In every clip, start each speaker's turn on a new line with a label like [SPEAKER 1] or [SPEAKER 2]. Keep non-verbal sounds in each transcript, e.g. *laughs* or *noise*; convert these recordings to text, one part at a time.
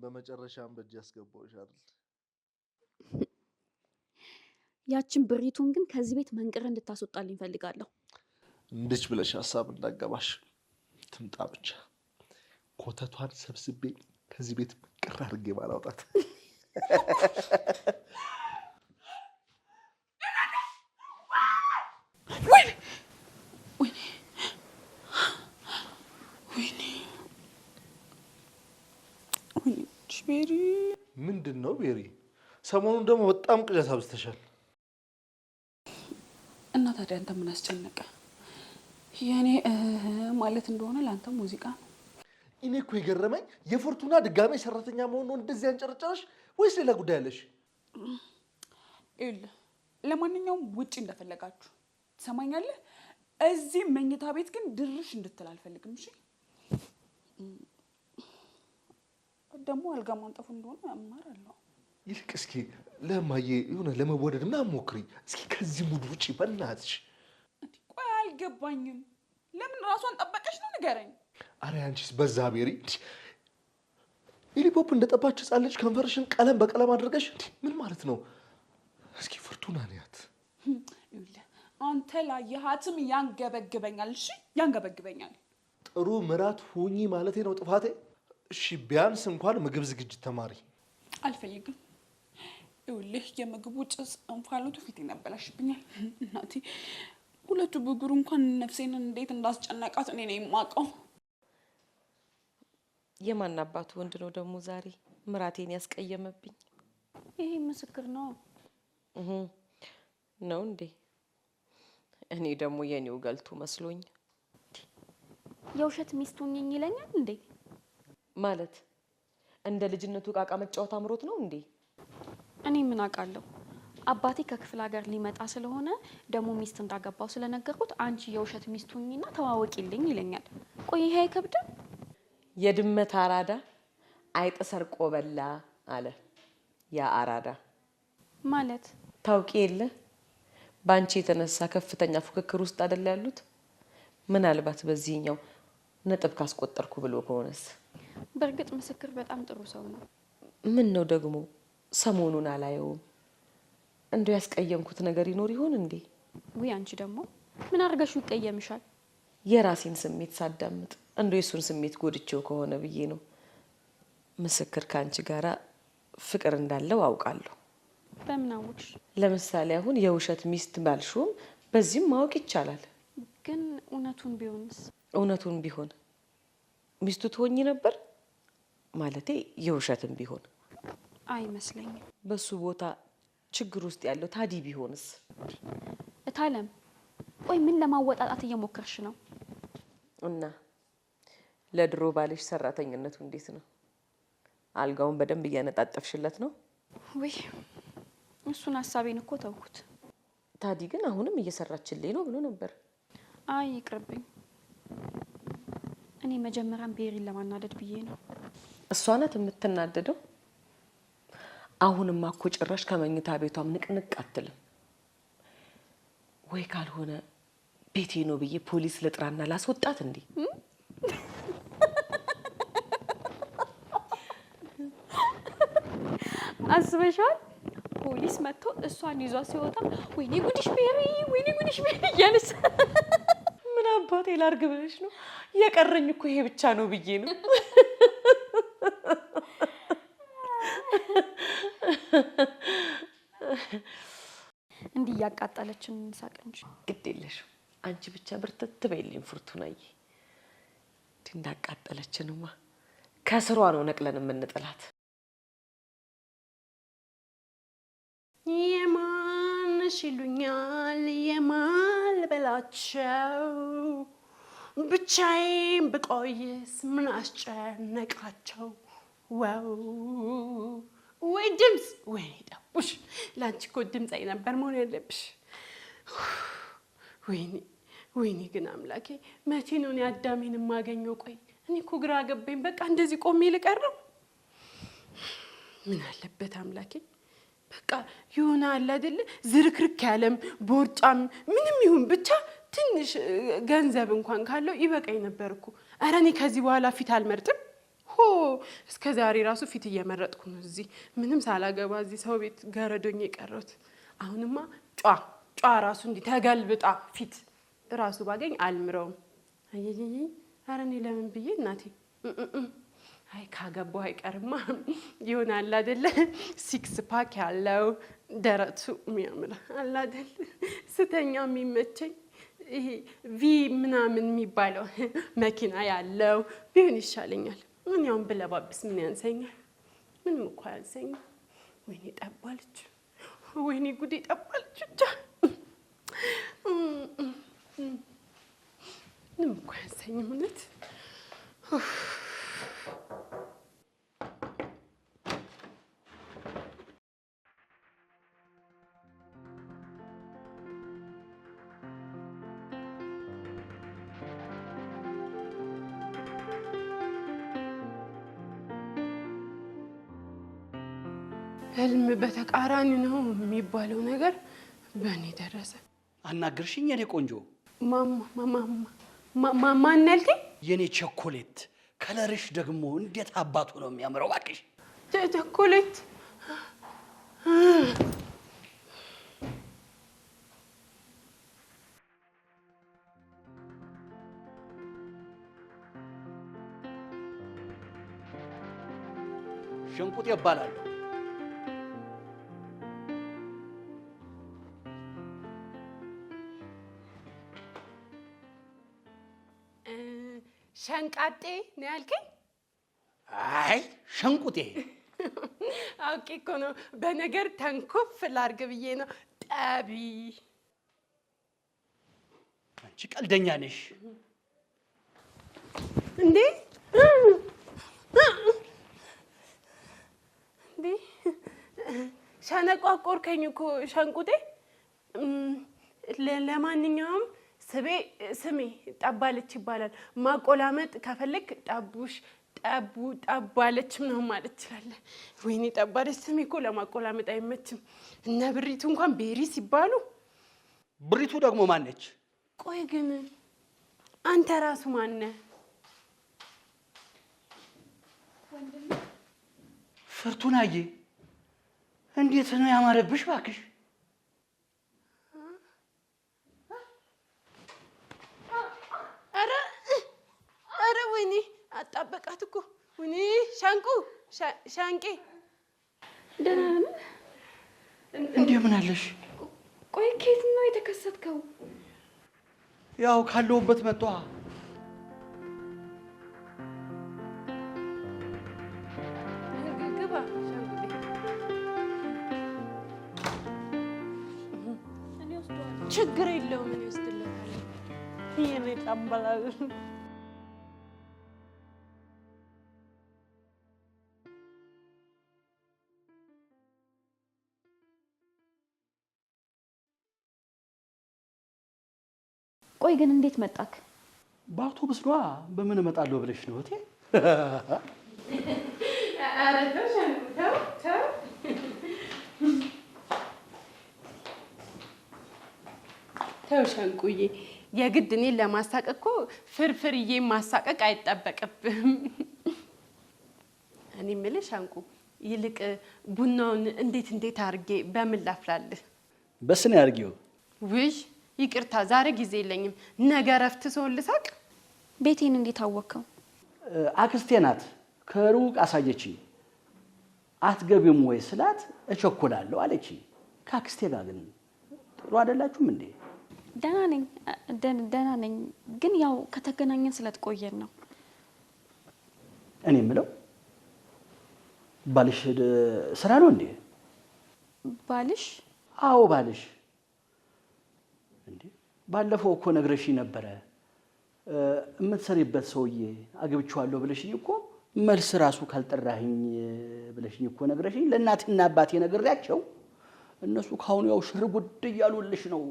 [SPEAKER 1] በመጨረሻም በእጅ ያስገባውሻል። ያችን ብሪቱን ግን ከዚህ ቤት መንቅር እንድታስወጣልኝ ፈልጋለሁ።
[SPEAKER 2] እንድች ብለሽ ሀሳብ እንዳገባሽ ትምጣ ብቻ። ኮተቷን ሰብስቤ ከዚህ ቤት መንቅር አድርጌ ባላውጣት። ቤሪ ምንድን ነው ቤሪ? ሰሞኑን ደግሞ በጣም ቅዠት አብዝተሻል።
[SPEAKER 1] እና ታዲያ አንተ ምን አስጨነቀ? የኔ ማለት እንደሆነ ለአንተ ሙዚቃ ነው።
[SPEAKER 2] እኔ እኮ የገረመኝ የፎርቱና ድጋሜ ሰራተኛ መሆን ነው እንደዚህ አንጨረጨረሽ ወይስ ሌላ ጉዳይ አለሽ?
[SPEAKER 1] ይኸውልህ ለማንኛውም ውጭ እንደፈለጋችሁ ትሰማኛለህ። እዚህ መኝታ ቤት ግን ድርሽ እንድትል አልፈልግም። እሺ ደግሞ አልጋ ማንጠፉ እንደሆነ እማራለሁ።
[SPEAKER 2] ይልቅ እስኪ ለማዬ የሆነ ለመወደድ ምናምን ሞክሪ እስኪ ከዚህ ሙድ ውጭ በእናትሽ።
[SPEAKER 1] ቆይ አልገባኝም። ለምን ራሷን ጠበቀች ነው ንገረኝ።
[SPEAKER 2] አረ አንቺስ በዛ ቤሪ ኢሊፖፕ እንደጠባች ሕፃን ልጅ ከንፈርሽን ቀለም በቀለም አድርገሽ እንዲ ምን ማለት ነው? እስኪ ፍርቱና ነያት።
[SPEAKER 1] አንተ ላየሃትም ያንገበግበኛል። እሺ ያንገበግበኛል።
[SPEAKER 2] ጥሩ ምራት ሁኚ ማለቴ ነው ጥፋቴ እሺ ቢያንስ እንኳን ምግብ ዝግጅት ተማሪ።
[SPEAKER 1] አልፈልግም። ይኸውልህ የምግቡ ጭስ እንፋሎቱ ፊት ይነበላሽብኛል። *laughs* እናቴ ሁለቱ ብጉር እንኳን ነፍሴን እንዴት እንዳስጨነቃት እኔ ነው የማውቀው።
[SPEAKER 3] የማን አባቱ ወንድ ነው ደግሞ ዛሬ ምራቴን ያስቀየመብኝ?
[SPEAKER 1] ይሄ ምስክር ነው
[SPEAKER 3] ነው እንዴ? እኔ ደግሞ የኔው ገልቱ መስሎኝ
[SPEAKER 1] የውሸት ሚስቱኝኝ ይለኛል እንዴ?
[SPEAKER 3] ማለት እንደ ልጅነቱ ቃቃ መጫወት አምሮት ነው እንዴ?
[SPEAKER 1] እኔ ምን አውቃለሁ። አባቴ ከክፍለ ሀገር ሊመጣ ስለሆነ ደግሞ ሚስት እንዳገባው ስለነገርኩት አንቺ የውሸት ሚስቱ ሁኚና ተዋወቂልኝ ይለኛል። ቆይ ይሄ አይከብድም?
[SPEAKER 3] የድመት አራዳ አይጥ ሰርቆ በላ አለ። ያ አራዳ ማለት ታውቂ የለ በአንቺ የተነሳ ከፍተኛ ፉክክር ውስጥ አይደል ያሉት? ምናልባት በዚህኛው ነጥብ ካስቆጠርኩ ብሎ ከሆነስ
[SPEAKER 1] በእርግጥ ምስክር በጣም ጥሩ ሰው ነው።
[SPEAKER 3] ምን ነው ደግሞ ሰሞኑን አላየውም። እንደው ያስቀየምኩት ነገር ይኖር ይሆን እንዴ?
[SPEAKER 1] ውይ አንቺ ደግሞ ምን አድርገሽ ይቀየምሻል?
[SPEAKER 3] የራሴን ስሜት ሳዳምጥ እንደው የእሱን ስሜት ጎድቼው ከሆነ ብዬ ነው። ምስክር ከአንቺ ጋራ ፍቅር እንዳለው አውቃለሁ።
[SPEAKER 1] በምን አወቅሽ?
[SPEAKER 3] ለምሳሌ አሁን የውሸት ሚስት ባልሹም በዚህም ማወቅ ይቻላል።
[SPEAKER 1] ግን እውነቱን ቢሆንስ?
[SPEAKER 3] እውነቱን ቢሆን ሚስቱ ትሆኚ ነበር? ማለቴ የውሸትም ቢሆን
[SPEAKER 1] አይመስለኝም።
[SPEAKER 3] በሱ ቦታ ችግር ውስጥ ያለው ታዲ ቢሆንስ?
[SPEAKER 1] እታለም ቆይ ምን ለማወጣጣት እየሞከርሽ ነው?
[SPEAKER 3] እና ለድሮ ባልሽ ሰራተኝነቱ እንዴት ነው? አልጋውን በደንብ እያነጣጠፍሽለት ነው?
[SPEAKER 1] ወይ እሱን ሀሳቤን እኮ ተውኩት።
[SPEAKER 3] ታዲ ግን አሁንም እየሰራችልኝ ነው ብሎ ነበር።
[SPEAKER 1] አይ ይቅርብኝ። እኔ መጀመሪያም ብሄሪን ለማናደድ ብዬ ነው።
[SPEAKER 3] እሷ ናት የምትናደደው። አሁንማ እኮ ጭራሽ ከመኝታ ቤቷም ንቅንቅ አትልም ወይ? ካልሆነ ቤቴ ነው ብዬ ፖሊስ ልጥራና ላስወጣት። እንዴ
[SPEAKER 1] አስበሻል? ፖሊስ መጥቶ እሷን ይዟ ሲወጣ ወይኔ ጉድሽ ቤሪ፣ ወይኔ ጉድሽ ቤሪ እያለች ምን አባቴ ላርግ ብለሽ ነው? የቀረኝ እኮ ይሄ ብቻ ነው ብዬ ነው እያቃጠለችን እንሳቅ እንጂ
[SPEAKER 3] ግድ የለሽም። አንቺ ብቻ ብርትት በይልኝ ፉርቱናዬ። እንዳቃጠለችንማ ከስሯ ነው ነቅለን የምንጥላት።
[SPEAKER 1] የማንሽ ይሉኛል የማል በላቸው ብቻዬን ብቆይስ ምን አስጨነቃቸው? ዋው ወይ ድምፅ ወይ ጠቡሽ። ለአንቺ እኮ ድምፃዊ ነበር መሆን ያለብሽ። ወይኔ ወይኔ፣ ግን አምላኬ መቼ ነው እኔ አዳሜን የማገኘው? ቆይ እኔ እኮ ግራ ገባኝ። በቃ እንደዚህ ቆሜ ልቀረው። ምን አለበት አምላኬ፣ በቃ የሆነ አለ አይደለ ዝርክርክ ያለም ቦርጫም ምንም ይሁን ብቻ ትንሽ ገንዘብ እንኳን ካለው ይበቃኝ ነበር እኮ። ኧረ እኔ ከዚህ በኋላ ፊት አልመርጥም። እስከ ዛሬ ራሱ ፊት እየመረጥኩ ነው እዚህ ምንም ሳላገባ እዚህ ሰው ቤት ገረዶኝ የቀረት አሁንማ ጫ ጫ ራሱ እንዲህ ተገልብጣ ፊት ራሱ ባገኝ አልምረውም። አይይይ ኧረ እኔ ለምን ብዬ እናቴ አይ ካገባሁ አይቀርማ ይሆናል አይደለ? ሲክስ ፓክ ያለው ደረቱ የሚያምር አላደል ስተኛ የሚመቸኝ ይሄ ቪ ምናምን የሚባለው መኪና ያለው ቢሆን ይሻለኛል። ምን ያውን ብለባብስ ምን ያንሰኛል? ምንም እኮ አያንሰኝም። ወይኔ ጠባለች፣ ወይኔ ጉዴ ጠባለች። ብቻ ምንም እኮ አያንሰኝም እውነት ህልም በተቃራኒ ነው የሚባለው ነገር በእኔ ደረሰ።
[SPEAKER 2] አናገርሽኝ የኔ ቆንጆ።
[SPEAKER 1] ማን
[SPEAKER 2] የኔ ቸኮሌት ከለርሽ ደግሞ እንዴት አባቱ ነው የሚያምረው! እባክሽ ቸኮሌት ሽንቁጥ ይባላል።
[SPEAKER 1] ሸንቃጤ ነው ያልከኝ?
[SPEAKER 2] አይ ሸንቁጤ።
[SPEAKER 1] አውቄ እኮ ነው በነገር ተንኮፍ ላርግ ብዬ ነው። ጠቢ።
[SPEAKER 2] አንቺ ቀልደኛ ነሽ
[SPEAKER 1] እንዴ! እንዴ! ሸነቋቆርከኝ እኮ ሸንቁጤ። ለማንኛውም ስቤ ስሜ ጠባለች ይባላል። ማቆላመጥ ከፈለግ ጠቡሽ ጠቡ ጠባለች ነው ማለት ትችላለህ። ወይኔ ጠባለች ስሜ እኮ ለማቆላመጥ አይመችም። እነ ብሪቱ እንኳን ቤሪ ሲባሉ
[SPEAKER 2] ብሪቱ ደግሞ ማነች?
[SPEAKER 1] ቆይ ግን አንተ ራሱ ማነህ?
[SPEAKER 2] ፍርቱናዬ እንዴት ነው ያማረብሽ ባክሽ
[SPEAKER 1] ሻንቄ ደህና ነህ? ምን አለሽ? ቆይ ከየት ነው የተከሰትከው?
[SPEAKER 2] ያው ካለሁበት መጣ።
[SPEAKER 1] ችግር የለውም እኔ ወስድልሃለሁ። ቆይ ግን እንዴት መጣክ?
[SPEAKER 2] በአውቶቡስ ነዋ። በምን እመጣለሁ ብለሽ ነው እቴ?
[SPEAKER 1] ተው ሸንቁዬ፣ የግድ እኔን ለማሳቀቅ እኮ ፍርፍርዬ ማሳቀቅ አይጠበቅብም። እኔ የምልሽ ሸንቁ፣ ይልቅ ቡናውን እንዴት እንዴት አድርጌ በምን ላፍላልህ?
[SPEAKER 2] በስኔ አድርጌው
[SPEAKER 1] ውይ ይቅርታ ዛሬ ጊዜ የለኝም፣ ነገ እረፍት ሰውን ልሳቅ። ቤቴን እንዴት አወቅከው?
[SPEAKER 2] አክስቴ ናት ከሩቅ አሳየች አትገቢም ወይ ስላት እቸኩላለሁ አለች። ከአክስቴ ጋር ግን ጥሩ አይደላችሁም እንዴ?
[SPEAKER 1] ደህና ነኝ ደህና ነኝ፣ ግን ያው ከተገናኘን ስለትቆየን ነው።
[SPEAKER 2] እኔ የምለው ባልሽ ስራ ነው እንዴ? ባልሽ? አዎ ባልሽ ባለፈው እኮ ነግረሽ ነበረ የምትሰሪበት ሰውዬ አግብቼዋለሁ ብለሽኝ እኮ መልስ ራሱ ካልጠራህኝ ብለሽኝ እኮ ነግረሽኝ ለእናትና አባቴ ነግሬያቸው እነሱ ካሁኑ ያው ሽር ጉድ እያሉልሽ ነው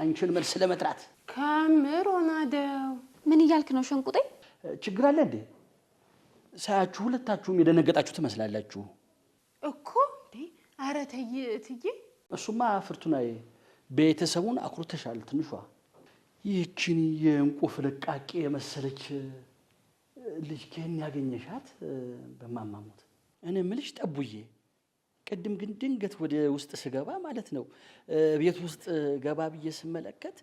[SPEAKER 2] አንቺን መልስ ለመጥራት
[SPEAKER 1] ከምር ሆናደው ምን እያልክ ነው ሸንቁጤ
[SPEAKER 2] ችግር አለ እንዴ ሳያችሁ ሁለታችሁም የደነገጣችሁ ትመስላላችሁ
[SPEAKER 1] እኮ ኧረ ተይ እትዬ
[SPEAKER 2] እሱማ ፍርቱናዬ ቤተሰቡን አኩርተሻል። ትንሿ ይህችን የእንቁ ፍልቃቄ የመሰለች ልጅ ከን ያገኘሻት በማማሙት እኔ ምልሽ ጠቡዬ፣ ቅድም ግን ድንገት ወደ ውስጥ ስገባ ማለት ነው ቤት ውስጥ ገባ ብዬ ስመለከት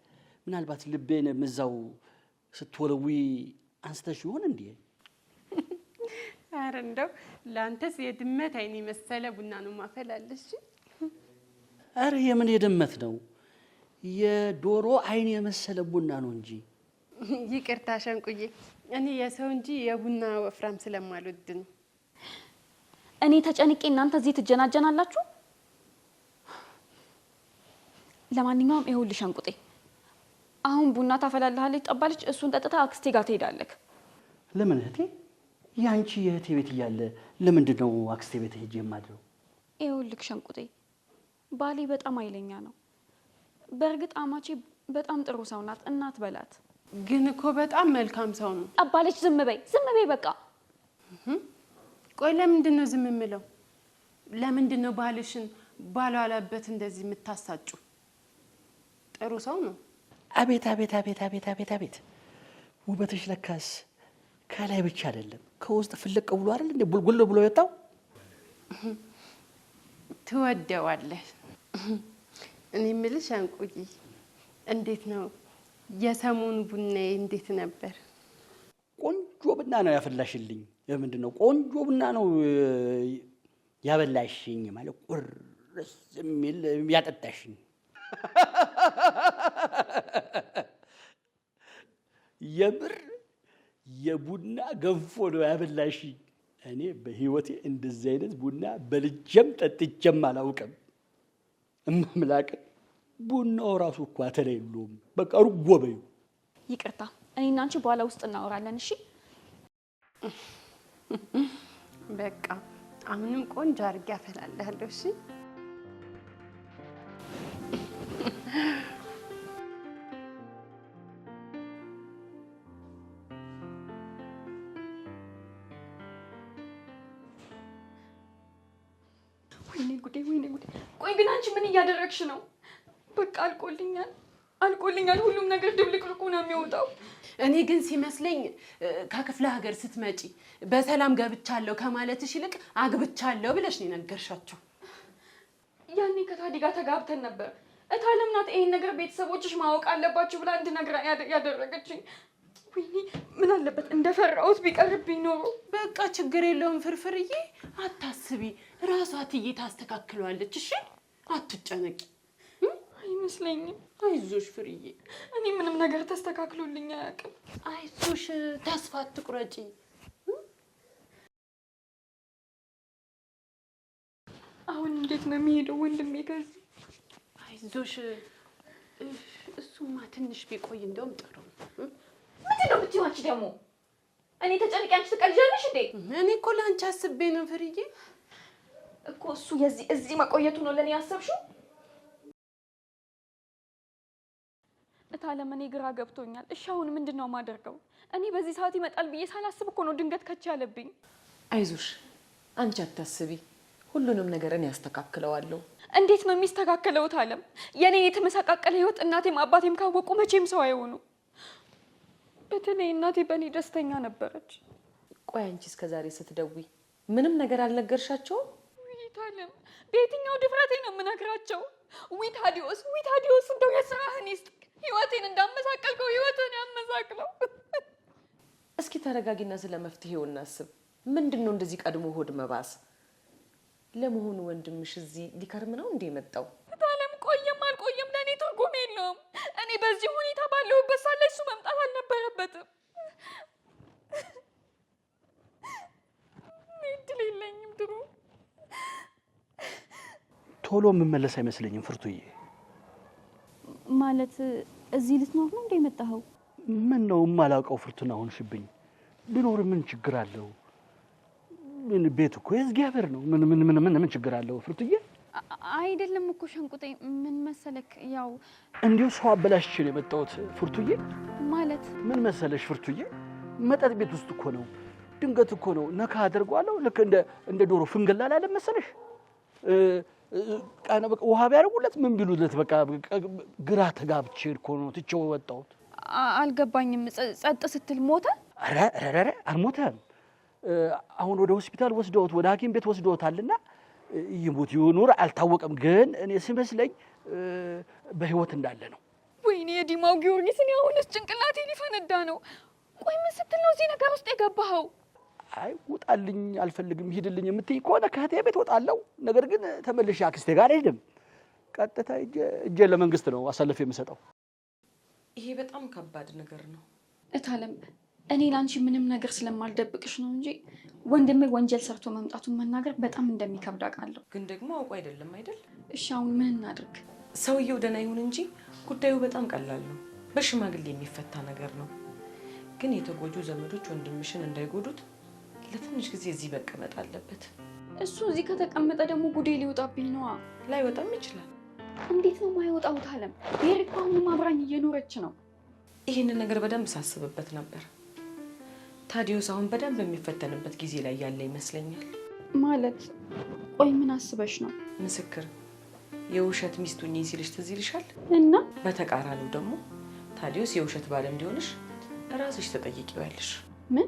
[SPEAKER 2] ምናልባት ልቤን ምዛው ስትወለዊ አንስተሽ ይሆን እንዲ
[SPEAKER 1] አረ እንደው ለአንተስ የድመት አይን የመሰለ ቡና ነው ማፈላለሽ።
[SPEAKER 2] አረ የምን የድመት ነው የዶሮ አይን የመሰለ ቡና ነው እንጂ።
[SPEAKER 1] *laughs* ይቅርታ ሸንቁዬ፣ እኔ የሰው እንጂ የቡና ወፍራም ስለማልወድ ነው። እኔ ተጨንቄ እናንተ እዚህ ትጀናጀናላችሁ። ለማንኛውም ይኸውልሽ ሸንቁጤ፣ አሁን ቡና ታፈላልሃለች፣ ጠባለች። እሱን ጠጥታ አክስቴ ጋር ትሄዳለህ።
[SPEAKER 2] ለምን እህቴ? የአንቺ የእህቴ ቤት እያለ ለምንድን ነው አክስቴ ቤት ሄጄ የማድረው?
[SPEAKER 1] ይኸውልህ ሸንቁጤ፣ ባሌ በጣም አይለኛ ነው በእርግጥ አማቼ በጣም ጥሩ ሰው ናት፣ እናት በላት። ግን እኮ በጣም መልካም ሰው ነው። አባለች ዝም በይ፣ ዝም በይ በቃ። ቆይ ለምንድን ነው ዝም የምለው? ለምንድን ነው ባልሽን ባልዋለበት እንደዚህ የምታሳጩ? ጥሩ ሰው ነው።
[SPEAKER 2] አቤት አቤት አቤት አቤት አቤት አቤት! ውበትሽ ለካስ ከላይ ብቻ አይደለም ከውስጥ ፍልቅ ብሎ አይደል እንዴ ቡልጉል ብሎ የወጣው።
[SPEAKER 1] ትወደዋለህ እኔ የምልሽ አንቁዬ፣ እንዴት ነው የሰሞኑ ቡናዬ? እንዴት ነበር?
[SPEAKER 2] ቆንጆ ቡና ነው ያፈላሽልኝ። ምንድን ነው ቆንጆ ቡና ነው ያበላሽኝ ማለት ቁርስ የሚል ያጠጣሽኝ። የምር የቡና ገንፎ ነው ያበላሽኝ። እኔ በህይወቴ እንደዚህ አይነት ቡና በልጀም ጠጥጀም አላውቅም። እማምላክን ቡናው ራሱ እኮ አተላ የለውም። በቃ ርጎ በዩ።
[SPEAKER 1] ይቅርታ እኔ እና አንቺ በኋላ ውስጥ እናወራለን። እሺ በቃ አሁንም ቆንጆ አድርጌ አፈላለሁ። እሺ ወይኔ ጉዴ፣ ወይኔ ጉዴ። ቆይ ግን አንቺ ምን እያደረግሽ ነው? በቃ አልቆልኛል፣ አልቆልኛል። ሁሉም ነገር ድብልቅልቁ ነው የሚወጣው።
[SPEAKER 3] እኔ ግን ሲመስለኝ ከክፍለ ሀገር ስትመጪ በሰላም ገብቻለሁ ከማለትሽ ይልቅ አግብቻለሁ ብለሽ ነው የነገርሻቸው።
[SPEAKER 1] ያኔ ከታዲ ጋር ተጋብተን ነበር። እታለም ናት ይሄን ነገር ቤተሰቦችሽ ማወቅ አለባችሁ ብላ እንድነግራ ያደረገችኝ። ወይኔ ምን አለበት እንደፈራሁት ቢቀርብኝ ኖሮ።
[SPEAKER 3] በቃ ችግር የለውም ፍርፍርዬ፣ አታስቢ። ራሷ ትዬ ታስተካክለዋለች። እሺ፣ አትጨነቂ። አይመስለኝም። አይዞሽ ፍርዬ፣
[SPEAKER 1] እኔ ምንም ነገር ተስተካክሎልኝ አያውቅም።
[SPEAKER 3] አይዞሽ፣ ተስፋ አትቁረጪ።
[SPEAKER 1] አሁን እንዴት ነው የሚሄደው ወንድሜ? ከዚህ
[SPEAKER 3] አይዞሽ፣ እሱማ ትንሽ ቢቆይ እንደውም ጥሩ።
[SPEAKER 1] ምንድን ነው ብትይው አንቺ ደግሞ? እኔ ተጨንቄ አንቺ ትቀልጃለሽ እንዴ?
[SPEAKER 3] እኔ እኮ ለአንቺ አስቤ ነው ፍርዬ።
[SPEAKER 1] እኮ እሱ የዚህ እዚህ መቆየቱ ነው ለእኔ ያሰብሽው? አለም እኔ ግራ ገብቶኛል። እሺ አሁን ምንድን ነው የማደርገው? እኔ በዚህ ሰዓት ይመጣል ብዬ ሳላስብ እኮ ነው ድንገት ከች ያለብኝ።
[SPEAKER 3] አይዞሽ፣ አንቺ አታስቢ፣ ሁሉንም ነገር እኔ ያስተካክለዋለሁ።
[SPEAKER 1] እንዴት ነው የሚስተካከለውት? አለም የእኔ የተመሰቃቀለ ህይወት እናቴም አባቴም ካወቁ መቼም ሰው አይሆኑ። በተለይ እናቴ በእኔ ደስተኛ ነበረች።
[SPEAKER 3] ቆይ አንቺ እስከዛሬ ስትደዊ? ምንም ነገር አልነገርሻቸውም?
[SPEAKER 1] ቤትኛው በየትኛው ድፍረቴ ነው የምነግራቸው? ዊታዲዮስ ዊታዲዮስ እንደው የስራህን ይስጥ ህይወቴን እንዳመሳቀልከው ህይወትን ያመሳቅለው። *laughs*
[SPEAKER 3] እስኪ ተረጋጊና ስለ መፍትሄው እናስብ። ምንድን ነው እንደዚህ ቀድሞ ሆድ መባስ? ለመሆኑ ወንድምሽ እዚህ ሊከርም ነው እንዴ የመጣው?
[SPEAKER 1] ታለም ቆየም አልቆየም ለእኔ ትርጉም የለውም። እኔ በዚህ ሁኔታ ባለሁበት ሳለ እሱ መምጣት አልነበረበትም። እድል የለኝም። ድሮ
[SPEAKER 2] ቶሎ የምመለስ አይመስለኝም ፍርቱዬ
[SPEAKER 1] ማለት እዚህ ልትኖር ነው እንደ የመጣኸው?
[SPEAKER 2] ምን ነው የማላውቀው ፍርቱና ሆንሽብኝ። ብኖር ምን ችግር አለው? ቤት እኮ የእግዚአብሔር ነው። ምን ምን ምን ምን ችግር አለው ፍርቱዬ?
[SPEAKER 1] አይደለም እኮ ሸንቁጤ፣ ምን መሰለክ፣ ያው
[SPEAKER 2] እንዲሁ ሰው አበላሽቼ ነው የመጣሁት ፍርቱዬ። ማለት ምን መሰለሽ ፍርቱዬ፣ መጠጥ ቤት ውስጥ እኮ ነው ድንገት እኮ ነው ነካ አድርጓለሁ ልክ እንደ እንደ ዶሮ ፍንገላ ላለ መሰለሽ ውሃ ቢያደርጉለት ምን ቢሉለት፣ በቃ ግራ ተጋብቼ እኮ ነው ትቼው ወጣሁት።
[SPEAKER 1] አልገባኝም። ጸጥ ስትል ሞተ?
[SPEAKER 2] ኧረ አልሞተም። አሁን ወደ ሆስፒታል ወስደውት ወደ ሐኪም ቤት ወስደውታልና ይሙት ይኑር አልታወቀም። ግን እኔ ሲመስለኝ በህይወት እንዳለ ነው።
[SPEAKER 1] ወይኔ የዲማው ጊዮርጊስ! እኔ አሁንስ ጭንቅላቴ ሊፈነዳ ነው። ቆይ ምን ስትል ነው እዚህ ነገር ውስጥ የገባኸው?
[SPEAKER 2] አይ ውጣልኝ፣ አልፈልግም፣ ሂድልኝ የምትይ ከሆነ ከእህቴ ቤት ወጣለው። ነገር ግን ተመልሼ አክስቴ ጋር አልሄድም። ቀጥታ እጄን ለመንግስት ነው አሳልፍ የምሰጠው።
[SPEAKER 3] ይሄ በጣም ከባድ ነገር ነው
[SPEAKER 1] እታለም። እኔ ለአንቺ ምንም ነገር ስለማልደብቅሽ ነው እንጂ ወንድሜ ወንጀል ሰርቶ መምጣቱን መናገር በጣም እንደሚከብድ አውቃለሁ።
[SPEAKER 3] ግን ደግሞ አውቁ አይደለም አይደል?
[SPEAKER 1] እሺ አሁን ምን እናድርግ?
[SPEAKER 3] ሰውየው ደህና ይሁን እንጂ ጉዳዩ በጣም ቀላል ነው። በሽማግሌ የሚፈታ ነገር ነው። ግን የተጎጁ ዘመዶች ወንድምሽን እንዳይጎዱት ለትንሽ ጊዜ እዚህ መቀመጥ አለበት።
[SPEAKER 1] እሱ እዚህ ከተቀመጠ ደግሞ ጉዴ ሊወጣብኝ ነዋ።
[SPEAKER 3] ላይወጣም ይችላል።
[SPEAKER 1] እንዴት ነው አለም? ታለም ቤሪክ አሁንም አብራኝ እየኖረች ነው።
[SPEAKER 3] ይህንን ነገር በደንብ ሳስብበት ነበር። ታዲዮስ አሁን በደንብ የሚፈተንበት ጊዜ ላይ ያለ ይመስለኛል።
[SPEAKER 1] ማለት ቆይ ምን አስበሽ ነው?
[SPEAKER 3] ምስክር የውሸት ሚስቱኝ ሲልሽ ትዝ ይልሻል። እና በተቃራኒው ደግሞ ታዲዮስ የውሸት ባለ እንዲሆንሽ እራስሽ ተጠይቂዋለሽ።
[SPEAKER 1] ምን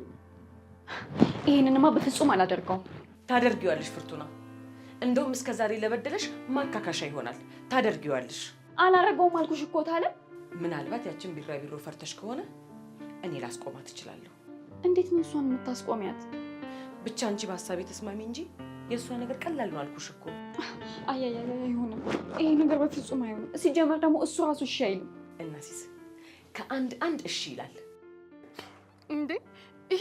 [SPEAKER 1] ይሄንንማ በፍጹም አላደርገውም።
[SPEAKER 3] ታደርጊዋለሽ ፍርቱና። እንደውም እስከ ዛሬ ለበደለሽ ማካካሻ ይሆናል። ታደርጊዋለሽ።
[SPEAKER 1] አላረገውም አልኩሽ እኮ ታለ።
[SPEAKER 3] ምናልባት ያችን ቢራቢሮ ፈርተሽ ከሆነ እኔ ላስቆማት እችላለሁ።
[SPEAKER 1] እንዴት ነው እሷን የምታስቆሚያት?
[SPEAKER 3] ብቻ አንቺ በሀሳቤ ተስማሚ እንጂ የእሷ ነገር ቀላል ነው አልኩሽ እኮ።
[SPEAKER 1] አያያ አይሆንም፣ ይሄ ነገር በፍጹም አይሆንም። ሲጀመር ደግሞ እሱ ራሱ እሺ አይልም።
[SPEAKER 3] እናሲስ ከአንድ አንድ እሺ ይላል
[SPEAKER 1] እንዴ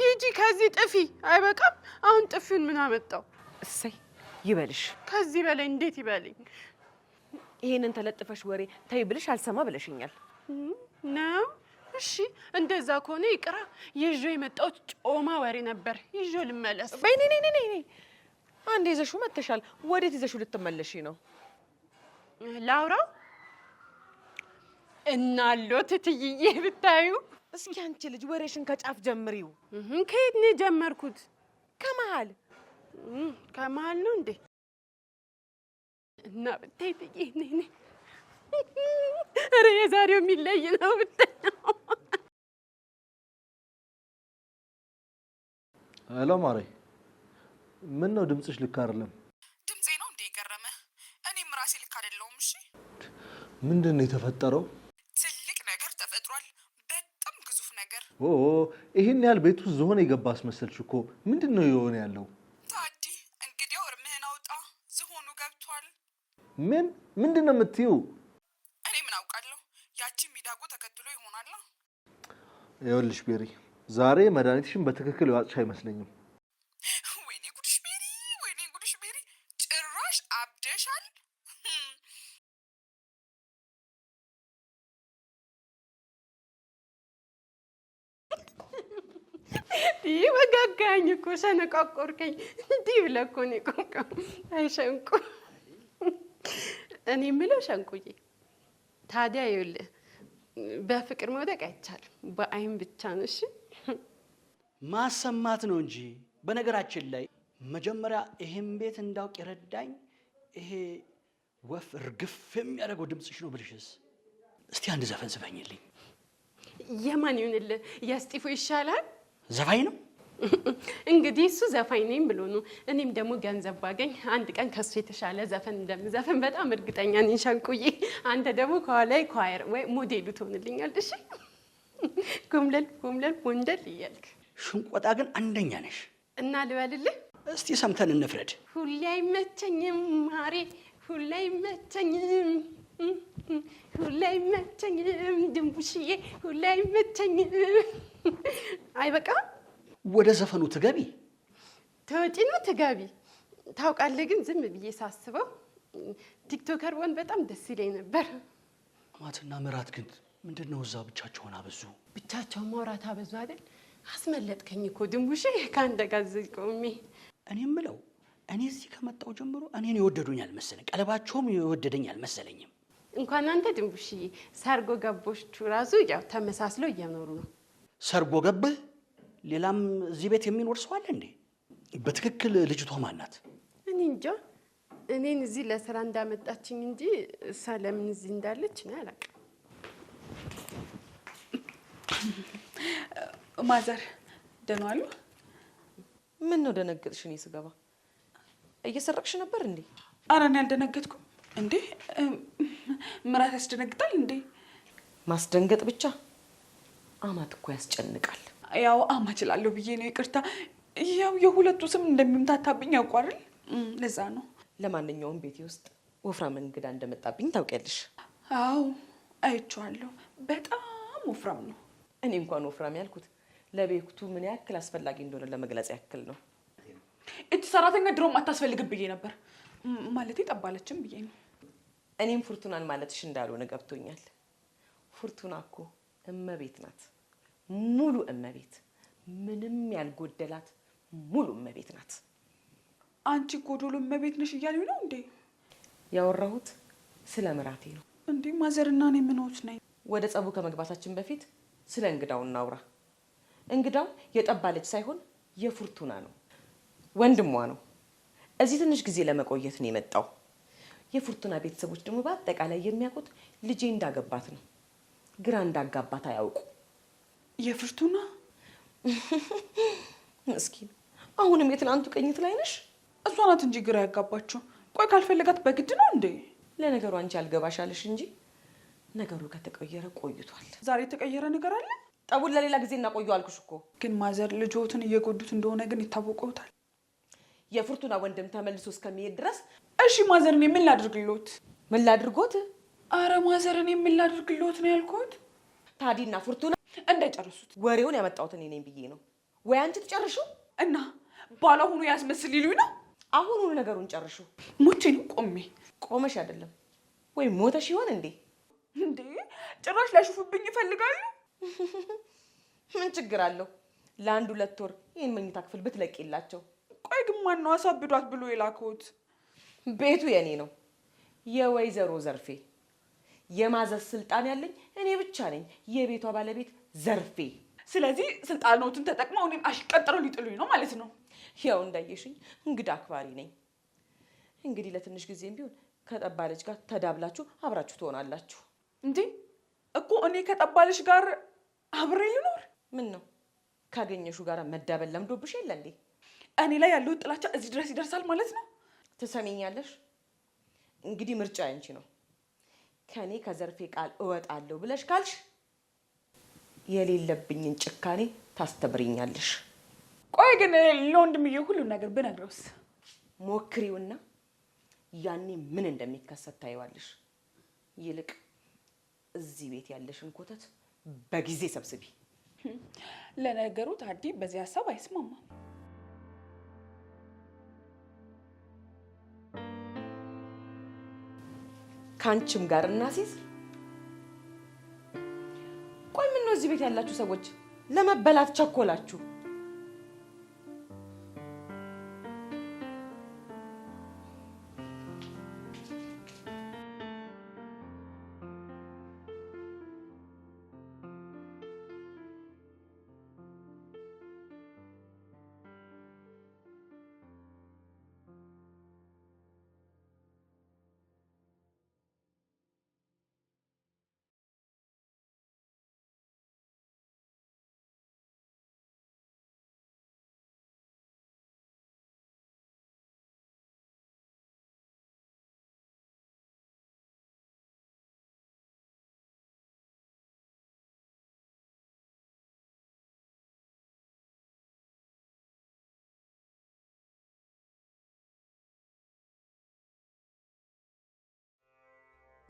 [SPEAKER 1] ሂጂ ከዚህ ጥፊ አይበቃም። አሁን ጥፊውን ምን አመጣው?
[SPEAKER 3] እሰይ ይበልሽ።
[SPEAKER 1] ከዚህ በላይ እንዴት ይበልኝ?
[SPEAKER 3] ይሄንን ተለጥፈሽ ወሬ ተይ ብልሽ አልሰማ ብለሽኛል
[SPEAKER 1] ነው። እሺ እንደዛ ከሆነ ይቅራ። ይዤ የመጣሁት ጮማ ወሬ ነበር። ይዤ ልመለስ።
[SPEAKER 3] በይ አንድ ይዘሽው መተሻል። ወዴት ይዘሽው ልትመለሺ ነው?
[SPEAKER 1] ላውራው እና አሎት ብታዩ
[SPEAKER 3] እስኪ አንቺ ልጅ ወሬሽን ከጫፍ ጀምሪው።
[SPEAKER 1] ከየት ነው የጀመርኩት? ከመሀል ከመሀል ነው እንዴ? እና ብታይ ብዬሽ ነኝ። ኧረ የዛሬው የሚለይ ነው ብታይ ነው።
[SPEAKER 2] ሄሎ ማሬ፣ ምን ነው ድምፅሽ ልክ አይደለም።
[SPEAKER 1] ድምፄ ነው እንዴ የገረመ? እኔም ራሴ ልክ አይደለሁም። እሺ
[SPEAKER 2] ምንድን ነው የተፈጠረው? ይህን ያህል ቤት ውስጥ ዝሆን የገባ አስመሰልሽ እኮ። ምንድን ነው የሆነ ያለው?
[SPEAKER 1] ታዲ እንግዲህ እርምህን አውጣ፣ ዝሆኑ ገብቷል።
[SPEAKER 2] ምን ምንድን ነው የምትይው?
[SPEAKER 1] እኔ ምን አውቃለሁ? ያቺ ሚዳጉ ተከትሎ ይሆናላ።
[SPEAKER 2] ይኸውልሽ ቤሪ፣ ዛሬ መድኃኒትሽን በትክክል የዋጥሽ አይመስለኝም።
[SPEAKER 1] ይበጋጋኝ እኮ ሰነቋቆርከኝ። እንዲህ ብለህ እኮ ነው የቆምከው። አይ ሸንቁ፣ እኔ የምለው ሸንቁዬ፣ ታዲያ ይኸውልህ በፍቅር መውደቅ አይቻልም፣ በአይን ብቻ ነው እሺ።
[SPEAKER 2] ማሰማት ነው እንጂ። በነገራችን ላይ መጀመሪያ ይህን ቤት እንዳውቅ የረዳኝ ይሄ ወፍ እርግፍ የሚያደርገው ድምፅሽ ነው ብልሽስ፣ እስቲ አንድ ዘፈን ዝፈኝልኝ።
[SPEAKER 1] የማን ይሁንልህ? ያስጢፉ ይሻላል
[SPEAKER 2] ዘፋኝ ነው። *laughs*
[SPEAKER 1] እንግዲህ እሱ ዘፋኝ ነኝ ብሎ ነው። እኔም ደግሞ ገንዘብ ባገኝ አንድ ቀን ከሱ የተሻለ ዘፈን እንደምዘፈን በጣም እርግጠኛ ነኝ። ሸንቁዬ፣ አንተ ደግሞ ከኋላ ኳየር ወይ ሞዴሉ ትሆንልኛል። እሺ፣ *laughs* ጎምለል ጎምለል ወንደል እያልክ
[SPEAKER 2] ሽንቆጣ ግን አንደኛ ነሽ።
[SPEAKER 1] እና ልበልልህ
[SPEAKER 2] እስቲ ሰምተን እንፍረድ።
[SPEAKER 1] ሁሌ አይመቸኝም ማሬ፣ ሁሌ አይመቸኝም ሁሌ አይመቸኝም ድንቡሽዬ፣ ሁሌ አይመቸኝም አይ በቃ
[SPEAKER 2] ወደ ዘፈኑ ትገቢ
[SPEAKER 1] ተወጪ ነው ትገቢ። ታውቃለህ፣ ግን ዝም ብዬ ሳስበው ቲክቶከር ወን በጣም ደስ ይለኝ ነበር።
[SPEAKER 2] ማትና ምራት ግን ምንድን ነው እዛ ብቻቸውን አበዙ።
[SPEAKER 1] ብቻቸውን ማውራት አበዙ አይደል? አስመለጥከኝ እኮ ድንቡሽ ከአንድ ጋዝ ቆሜ
[SPEAKER 2] እኔ ምለው እኔ እዚህ ከመጣው ጀምሮ እኔን የወደዱኝ አልመሰለኝ፣ ቀለባቸውም የወደደኝ አልመሰለኝም።
[SPEAKER 1] እንኳን አንተ ድንቡሽ፣ ሰርጎ ገቦቹ ራሱ ያው ተመሳስለው እየኖሩ ነው።
[SPEAKER 2] ሰርጎ ገብህ ሌላም እዚህ ቤት የሚኖር ሰው አለ እንዴ? በትክክል ልጅቷ ማናት ናት?
[SPEAKER 1] እኔ እንጃ። እኔን እዚህ ለስራ እንዳመጣችኝ እንጂ እሷ ለምን እዚህ እንዳለች እኔ አላውቅም። ማዘር ደህና ዋሉ?
[SPEAKER 3] ምን ነው ደነገጥሽ? እኔ ስገባ እየሰረቅሽ ነበር እንዴ?
[SPEAKER 1] ኧረ እኔ አልደነገጥኩም። እንዴ ምራት ያስደነግጣል እንዴ?
[SPEAKER 3] ማስደንገጥ ብቻ አማት እኮ ያስጨንቃል።
[SPEAKER 1] ያው አማ እችላለሁ ብዬ ነው። ይቅርታ ያው የሁለቱ ስም እንደሚምታታብኝ ያውቋርል። ለዛ ነው።
[SPEAKER 3] ለማንኛውም ቤቴ ውስጥ ወፍራም እንግዳ እንደመጣብኝ ታውቂያለሽ?
[SPEAKER 1] አዎ አይቼዋለሁ። በጣም ወፍራም ነው።
[SPEAKER 3] እኔ እንኳን ወፍራም ያልኩት ለቤቱ ምን ያክል አስፈላጊ እንደሆነ ለመግለጽ ያክል ነው።
[SPEAKER 1] እቺ ሰራተኛ ድሮም አታስፈልግም ብዬ ነበር። ማለት ጠባለችም ብዬ ነው።
[SPEAKER 3] እኔም ፉርቱናን ማለትሽ እንዳልሆነ ገብቶኛል። ፉርቱና እኮ እመቤት ናት። ሙሉ እመቤት፣ ምንም ያልጎደላት ሙሉ እመቤት ናት።
[SPEAKER 1] አንቺ ጎዶሎ እመቤት ነሽ እያሉ ነው እንዴ?
[SPEAKER 3] ያወራሁት ስለ ምራቴ ነው
[SPEAKER 1] እንዲህ ማዘርና እኔ ምኖች ነኝ።
[SPEAKER 3] ወደ ጸቡ ከመግባታችን በፊት ስለ እንግዳው እናውራ። እንግዳው የጠባ ልጅ ሳይሆን የፍርቱና ነው፣ ወንድሟ ነው። እዚህ ትንሽ ጊዜ ለመቆየት ነው የመጣው። የፍርቱና ቤተሰቦች ደግሞ በአጠቃላይ የሚያውቁት ልጄ እንዳገባት ነው። ግራ እንዳጋባት አያውቁ። የፍርቱና ምስኪን፣ *laughs* አሁንም የትናንቱ ቅኝት ላይ ነሽ?
[SPEAKER 1] እሷ ናት እንጂ ግራ ያጋባችሁ። ቆይ ካልፈለጋት በግድ ነው እንዴ?
[SPEAKER 3] ለነገሩ አንቺ አልገባሻለሽ እንጂ ነገሩ ከተቀየረ ቆይቷል።
[SPEAKER 1] ዛሬ የተቀየረ ነገር አለ?
[SPEAKER 3] ጠቡን ለሌላ ጊዜ እናቆዩ አልኩሽ እኮ።
[SPEAKER 1] ግን ማዘር ልጆትን እየጎዱት እንደሆነ ግን ይታወቀውታል።
[SPEAKER 3] የፍርቱና ወንድም ተመልሶ እስከሚሄድ ድረስ
[SPEAKER 1] እሺ ማዘር፣ እኔ ምን ላድርግሎት?
[SPEAKER 3] ምን ላድርጎት?
[SPEAKER 1] አረ ማዘርን የሚላደርግልዎት ነው ያልኩት።
[SPEAKER 3] ታዲና ፉርቱና እንደጨርሱት ወሬውን ያመጣሁት እኔ ነኝ ብዬ ነው። ወይ አንቺ ትጨርሹ
[SPEAKER 1] እና ባላ ሆኖ ያስመስል ይሉኝ ነው።
[SPEAKER 3] አሁን ነገሩን ጨርሹ።
[SPEAKER 1] ሞቼ ነው ቆሜ።
[SPEAKER 3] ቆመሽ አይደለም ወይ ሞተሽ ይሆን እንዴ?
[SPEAKER 1] እንዴ ጭራሽ ላሽፉብኝ ይፈልጋሉ። *laughs*
[SPEAKER 3] ምን ችግር አለው? ለአንድ ሁለት ወር ይህን መኝታ ክፍል ብትለቂላቸው።
[SPEAKER 1] ቆይ ግን ማን ነው አሳብዷት ብሎ የላከውት?
[SPEAKER 3] ቤቱ የኔ ነው የወይዘሮ ዘርፌ የማዘዝ ስልጣን ያለኝ እኔ ብቻ ነኝ፣ የቤቷ ባለቤት ዘርፌ።
[SPEAKER 1] ስለዚህ ስልጣኖትን ተጠቅመው እኔም አሽቀጥረው ሊጥሉኝ ነው ማለት ነው።
[SPEAKER 3] ያው እንዳየሽኝ እንግዳ አክባሪ ነኝ። እንግዲህ ለትንሽ ጊዜም ቢሆን ከጠባለች ጋር ተዳብላችሁ አብራችሁ ትሆናላችሁ።
[SPEAKER 1] እንዴ እኮ እኔ ከጠባለች ጋር አብሬ ልኖር?
[SPEAKER 3] ምን ነው ካገኘሹ ጋር መዳበል ለምዶብሽ የለ እንዴ?
[SPEAKER 1] እኔ ላይ ያለው ጥላቻ እዚህ ድረስ ይደርሳል ማለት ነው።
[SPEAKER 3] ትሰሚኛለሽ? እንግዲህ ምርጫ ያንቺ ነው። ከኔ ከዘርፌ ቃል እወጣለሁ ብለሽ ካልሽ የሌለብኝን ጭካኔ ታስተምሪኛለሽ።
[SPEAKER 1] ቆይ ግን ለወንድምዬ ሁሉን ነገር ብነግረውስ?
[SPEAKER 3] ሞክሪውና ያኔ ምን እንደሚከሰት ታይዋለሽ። ይልቅ እዚህ ቤት ያለሽን ኮተት በጊዜ ሰብስቢ።
[SPEAKER 1] ለነገሩ ታዲ በዚህ ሀሳብ አይስማማም።
[SPEAKER 3] ከአንቺም ጋር እናሲዝ። ቆይ ምነው እዚህ ቤት ያላችሁ ሰዎች ለመበላት ቸኮላችሁ?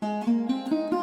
[SPEAKER 3] Thank you.